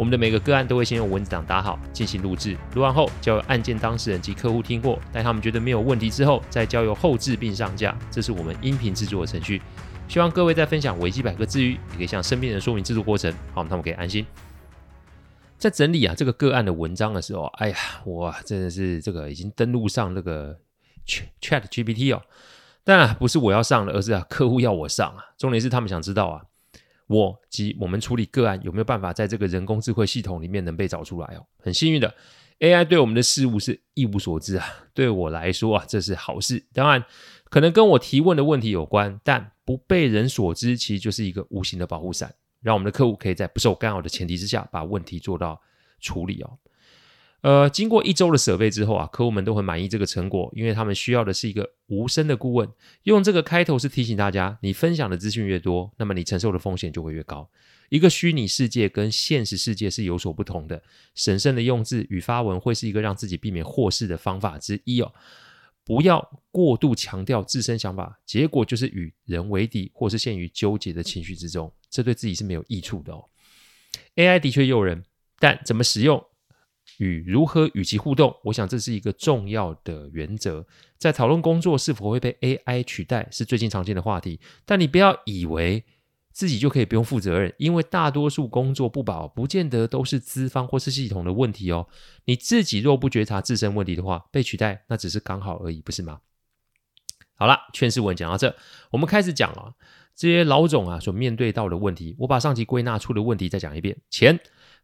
我們的每個個案都會先用文字檔打好，進行錄制。錄完後交由案件當事人及客戶聽過，待他們覺得沒有問題之後，再交由後製並上架。這是我們音頻制作的程序。希望各位在分享維基百科之餘，也可以向身邊人說明制作過程，好，他們可以安心。在整理啊這個個案的文章的時候，哎呀，我真的是這個已經登錄上那、這個 Ch Chat GPT 哦。當然、啊、不是我要上的，而是啊客戶要我上啊。重點是他們想知道啊。我及我們處理個案有沒有辦法在這個人工智慧系統裡面能被找出來哦？很幸運的，AI 對我們的事物是一無所知啊。對我來說啊，這是好事。當然，可能跟我提問的問題有關，但不被人所知，其實就是一個無形的保護傘，讓我們的客戶可以在不受干擾的前提之下把問題做到處理哦。呃，經過一周的設備之後啊，客戶們都很滿意這個成果，因為他們需要的是一個無聲的顧問。用這個開頭是提醒大家，你分享的資訊越多，那麼你承受的風險就會越高。一個虛擬世界跟現實世界是有所不同的。審慎的用字與發文會是一個讓自己避免禍事的方法之一哦。不要過度強調自身想法，結果就是與人為敵，或是陷於糾結的情緒之中，這對自己是沒有益處的哦。AI 的確誘人，但怎麼使用？與如何與其互動，我想這是一個重要的原則。在討論工作是否會被 AI 取代，是最近常見的話題，但你不要以為自己就可以不用負責任，因為大多數工作不保，不見得都是資方或是系統的問題哦。你自己若不覺察自身問題的話，被取代那只是剛好而已，不是嗎？好了，勸世文講到這，我們開始講了、啊、這些老總啊所面對到的問題。我把上集歸納出的問題再講一遍：錢。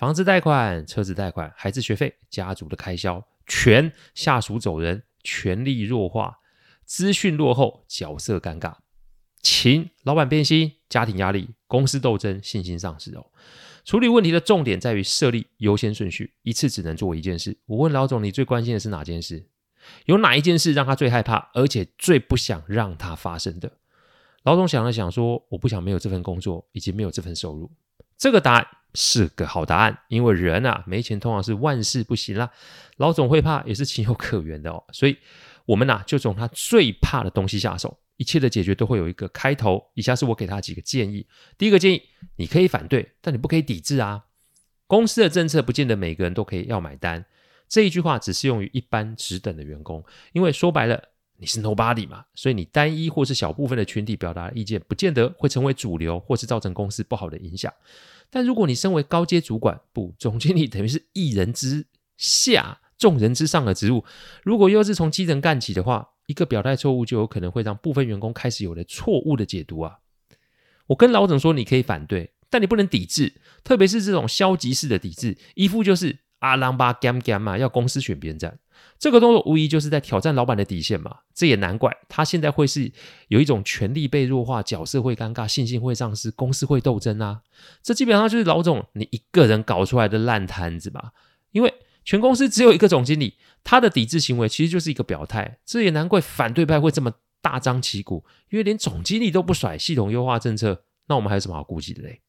房子貸款、車子貸款、孩子學費、家族的開銷，權下屬走人，權力弱化，資訊落後，角色尷尬，情老板變心，家庭壓力，公司鬥爭，信心喪失哦。處理問題的重點在於設立優先順序，一次只能做一件事。我問老總，你最關心的是哪件事？有哪一件事讓他最害怕，而且最不想讓它發生的？老總想了想，說：“我不想沒有這份工作，以及沒有這份收入。”這個答案。是個好答案，因為人啊沒錢，通常是萬事不行啦。老總會怕，也是情有可原的哦。所以，我們吶、啊、就從他最怕的東西下手。一切的解決都會有一個開頭。以下是我給他幾個建議。第一個建議，你可以反對，但你不可以抵制啊。公司的政策不見得每個人都可以要買單。這一句話只適用於一般職等的員工，因為說白了你是 nobody 嘛，所以你單一或是小部分的群體表達意見，不見得會成為主流或是造成公司不好的影響。但如果你身為高階主管，副總經理等於是一人之下、眾人之上的職務。如果又是從基層幹起的話，一個表態錯誤就有可能會讓部分員工開始有了錯誤的解讀啊！我跟老總說，你可以反對，但你不能抵制，特別是這種消極式的抵制，一副就是。阿浪巴、啊、gam gam、啊、要公司選邊站，這個動作無疑就是在挑戰老闆的底線嘛。這也難怪他現在會是有一種權力被弱化、角色會尷尬、信心會喪失、公司會鬥爭啊。這基本上就是老總你一個人搞出來的爛攤子吧。因為全公司只有一個總經理，他的抵制行為其實就是一個表態。這也難怪反對派會這麼大張旗鼓，因為連總經理都不甩系統優化政策，那我們還有什麼好顧忌的嘞？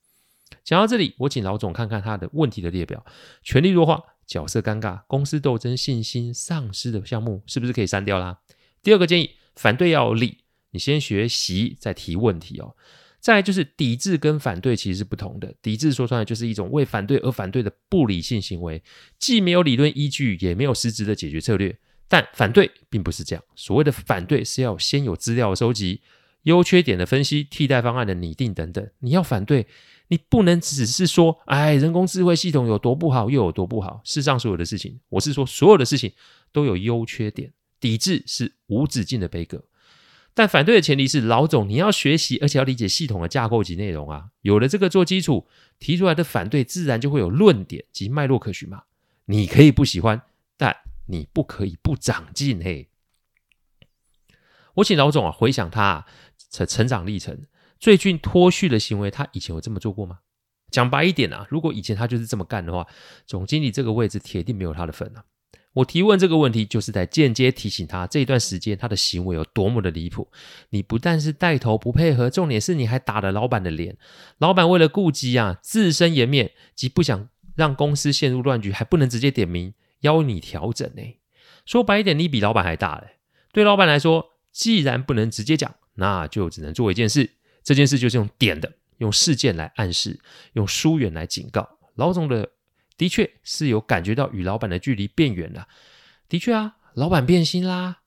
講到這裡，我請老總看看他的問題的列表：權力弱化、角色尷尬、公司鬥爭、信心喪失的項目是不是可以刪掉啦？第二個建議，反對要有理，你先學習再提問題哦。再來就是，抵制跟反對其實是不同的。抵制說穿了就是一種為反對而反對的不理性行為，既沒有理論依據，也沒有實質的解決策略。但反對並不是這樣，所謂的反對是要先有資料的收集、優缺點的分析、替代方案的擬定等等，你要反對。你不能只是說，哎，人工智慧系統有多不好，又有多不好。世上所有的事情，我是說，所有的事情都有優缺點。抵制是無止境的悲歌，但反對的前提是，老總，你要學習，而且要理解系統的架構及內容啊。有了這個做基礎，提出來的反對自然就會有論點及脈絡可循嘛。你可以不喜歡，但你不可以不長進，嘿。我請老總啊，回想他成、啊、成長歷程。最近脫序的行為，他以前有這麼做過嗎？講白一點啊，如果以前他就是這麼幹的話，總經理這個位置鐵定沒有他的份啊！我提問這個問題，就是在間接提醒他，這一段時間他的行為有多麼的離譜。你不但是帶頭不配合，重點是你還打了老闆的臉。老闆為了顧及啊自身顏面及不想讓公司陷入亂局，還不能直接點名要你調整呢、欸。說白一點，你比老闆還大嘞、欸。對老闆來說，既然不能直接講，那就只能做一件事。這件事就是用點的，用事件來暗示，用疏遠來警告。老總的的確是有感覺到與老板的距離變遠了，的確啊，老板變心啦。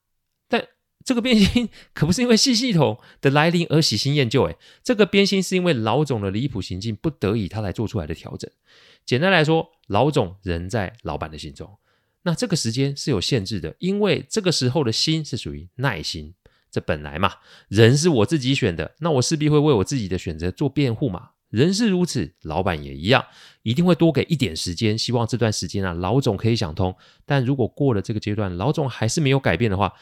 但這個變心可不是因為新系，系統的來臨而喜新厭舊、欸，哎，這個變心是因為老總的離譜行徑，不得已他來做出來的調整。簡單來說，老總仍在老板的心中。那這個時間是有限制的，因為這個時候的心是屬於耐心。這本來嘛，人是我自己選的，那我勢必會為我自己的選擇做辯護嘛。人是如此，老板也一樣，一定會多給一點時間。希望這段時間啊，老總可以想通。但如果過了這個階段，老總還是沒有改變的話，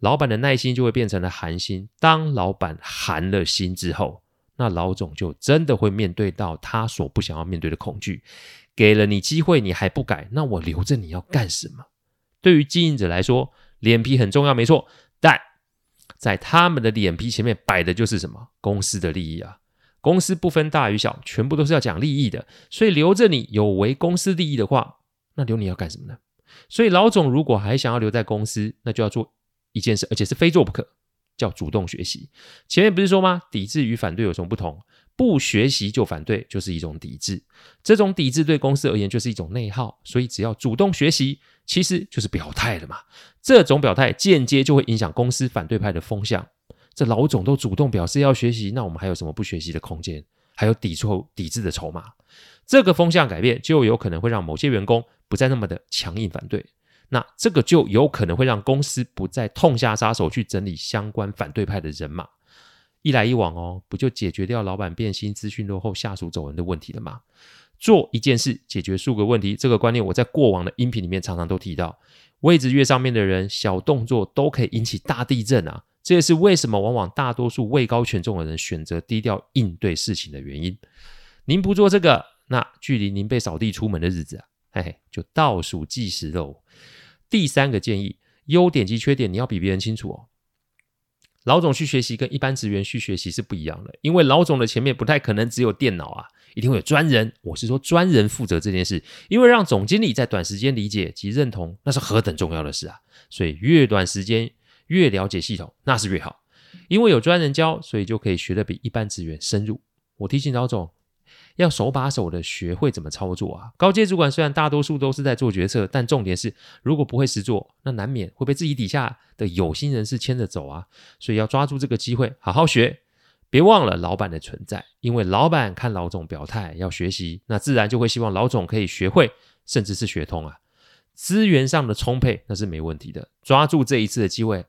老板的耐心就會變成了寒心。當老板寒了心之後，那老總就真的會面對到他所不想要面對的恐懼。給了你機會，你還不改，那我留着你要幹什麼？對於經營者來說，臉皮很重要，沒錯。在他們的臉皮前面擺的就是什麼？公司的利益啊！公司不分大與小，全部都是要講利益的。所以留着你有違公司利益的話，那留你要幹什麼呢？所以老總如果還想要留在公司，那就要做一件事，而且是非做不可，叫主動學習。前面不是說嗎？抵制與反對有什麼不同？不學習就反對，就是一種抵制。這種抵制對公司而言就是一種內耗。所以，只要主動學習，其實就是表態了嘛。這種表態間接就會影響公司反對派的風向。這老總都主動表示要學習，那我們還有什麼不學習的空間？還有抵觸、抵制的籌碼。這個風向改變，就有可能會讓某些員工不再那麼的強硬反對。那這個就有可能會讓公司不再痛下殺手去整理相關反對派的人馬。一來一往哦，不就解決掉老闆變心、資訊落後、下屬走人的問題了嗎？做一件事解決數個問題，這個觀念我在過往的音頻裡面常常都提到。位置越上面的人，小動作都可以引起大地震啊！這也是為什麼往往大多數位高權重的人選擇低調應對事情的原因。您不做這個，那距離您被掃地出門的日子啊，嘿嘿，就倒數計時了哦。第三個建議，優點及缺點你要比別人清楚哦。老總去學習跟一般職員去學習是不一樣的，因為老總的前面不太可能只有電腦啊，一定會有專人，我是說專人負責這件事，因為讓總經理在短時間理解及認同，那是何等重要的事啊！所以越短時間越了解系統，那是越好，因為有專人教，所以就可以學得比一般職員深入。我提醒老總。要手把手的學會怎麼操作啊！高階主管雖然大多數都是在做決策，但重點是，如果不會實做，那難免會被自己底下的有心人士牽着走啊！所以要抓住這個機會，好好學，別忘了老闆的存在，因為老闆看老總表態要學習，那自然就會希望老總可以學會，甚至是學通啊！資源上的充沛那是沒問題的，抓住這一次的機會，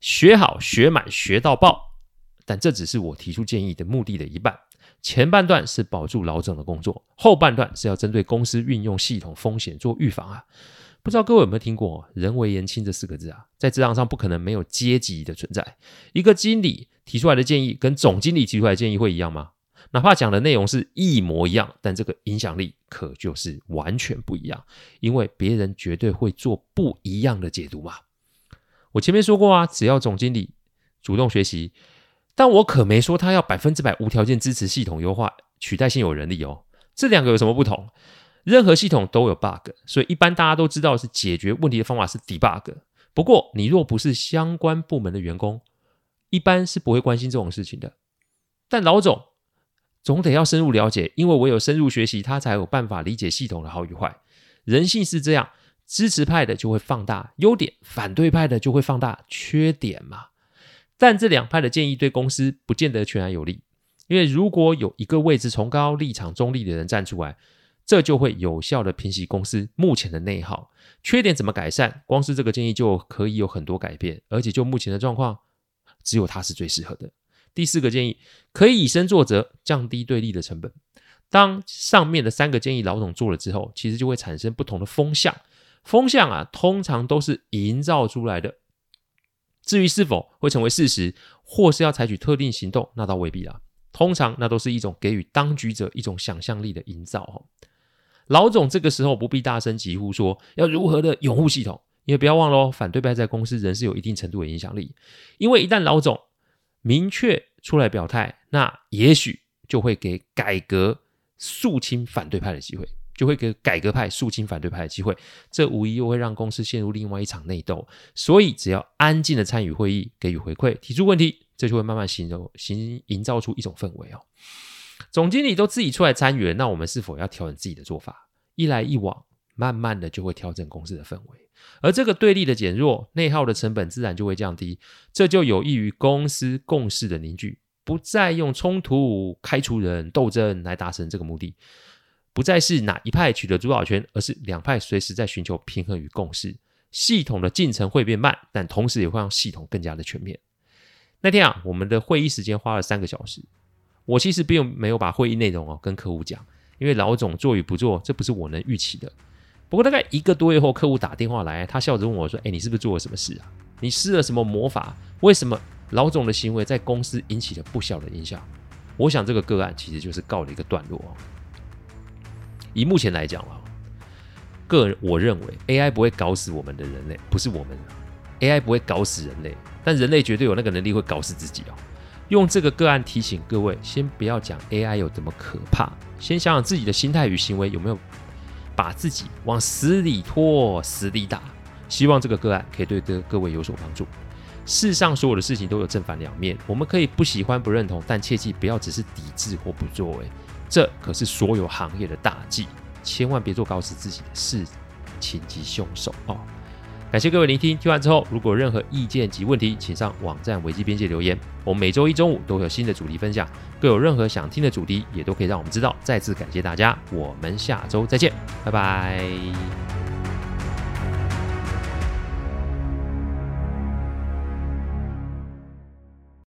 學好學滿學到爆，但這只是我提出建議的目的的一半。前半段是保住老總的工作，後半段是要針對公司運用系統風險做預防啊！不知道各位有沒有聽過“人微言輕”這四個字啊？在職場上不可能沒有階級的存在。一個經理提出來的建議跟總經理提出來的建議會一樣嗎？哪怕講的內容是一模一樣，但這個影響力可就是完全不一樣，因為別人絕對會做不一樣的解讀嘛。我前面說過啊，只要總經理主動學習。但我可沒說他要百分之百無條件支持系統優化取代現有人力哦。這兩個有什麼不同？任何系統都有 bug，所以一般大家都知道是解決問題的方法是 debug。不過你若不是相關部門的員工，一般是不會關心這種事情的。但老總總得要深入了解，因為唯有深入學習，他才有辦法理解系統的好與壞。人性是這樣，支持派的就會放大優點，反對派的就會放大缺點嘛。但這兩派的建議對公司不見得全然有利，因為如果有一個位置崇高、立場中立的人站出來，這就會有效的平息公司目前的內耗。缺點怎麼改善？光是這個建議就可以有很多改變，而且就目前的狀況，只有他是最適合的。第四個建議可以以身作則，降低對立的成本。當上面的三個建議老總做了之後，其實就會產生不同的風向。風向啊，通常都是營造出來的。至於是否會成為事實，或是要採取特定行動，那倒未必啦。通常那都是一種給予當局者一種想象力的營造。老總這個時候不必大聲疾呼說要如何的擁護系統，也不要忘了，反對派在公司仍是有一定程度的影響力。因為一旦老總明確出來表態，那也許就會給改革肅清反對派的機會。就會給改革派肅清反對派的機會，這無疑又會讓公司陷入另外一場內鬥。所以，只要安靜的參與會議，給予回饋，提出問題，這就會慢慢形成、形營造出一種氛圍哦。總經理都自己出來參與了，那我們是否要調整自己的做法？一來一往，慢慢的就會調整公司的氛圍，而這個對立的減弱，內耗的成本自然就會降低，這就有益於公司共識的凝聚，不再用衝突、開除人、鬥爭來達成這個目的。不再是哪一派取得主導權，而是兩派隨時在尋求平衡與共識。系統的進程會變慢，但同時也會讓系統更加的全面。那天啊，我們的會議時間花了三個小時。我其實並沒有把會議內容哦跟客戶講，因為老總做與不做，這不是我能預期的。不過大概一個多月後，客戶打電話來，他笑着問我說：“誒，你是不是做了什麼事啊？你施了什麼魔法？為什麼老總的行為在公司引起了不小的影響？”我想這個個案其實就是告了一個段落哦。以目前來講啊，個人我認為 AI 不會搞死我們的人類，不是我們，AI 不會搞死人類，但人類絕對有那個能力會搞死自己。用這個個案提醒各位，先不要講 AI 有這麼可怕，先想想自己的心態與行為有沒有把自己往死裡拖、死裡打。希望這個個案可以對各各位有所幫助。世上所有的事情都有正反兩面，我們可以不喜歡、不認同，但切記不要只是抵制或不作為。這可是所有行業的大忌，千萬別做搞死自己的事情及兇手哦。感謝各位聆聽，聽完之後如果有任何意見及問題，請上網站危機邊界留言。我們每周一中午都有新的主題分享，若有任何想聽的主題，也都可以讓我們知道。再次感謝大家，我們下周再見，拜拜。